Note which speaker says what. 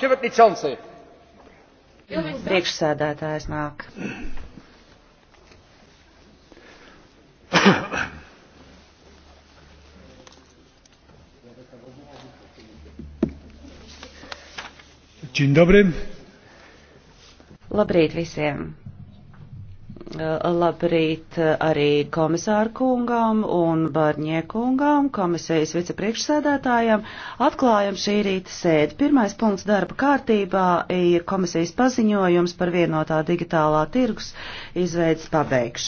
Speaker 1: Priekšsēdētājs
Speaker 2: nāk.
Speaker 3: Dzień dobry.
Speaker 4: Labrīt visiem! Eh, labrīt eh, arī komisāru kungam un barņie kungam, komisijas vicepriekšsēdētājiem. Atklājam šī rīta sēdi. Pirmais punkts darba kārtībā ir komisijas paziņojums par vienotā digitālā tirgus
Speaker 5: izveidas pabeigšanu.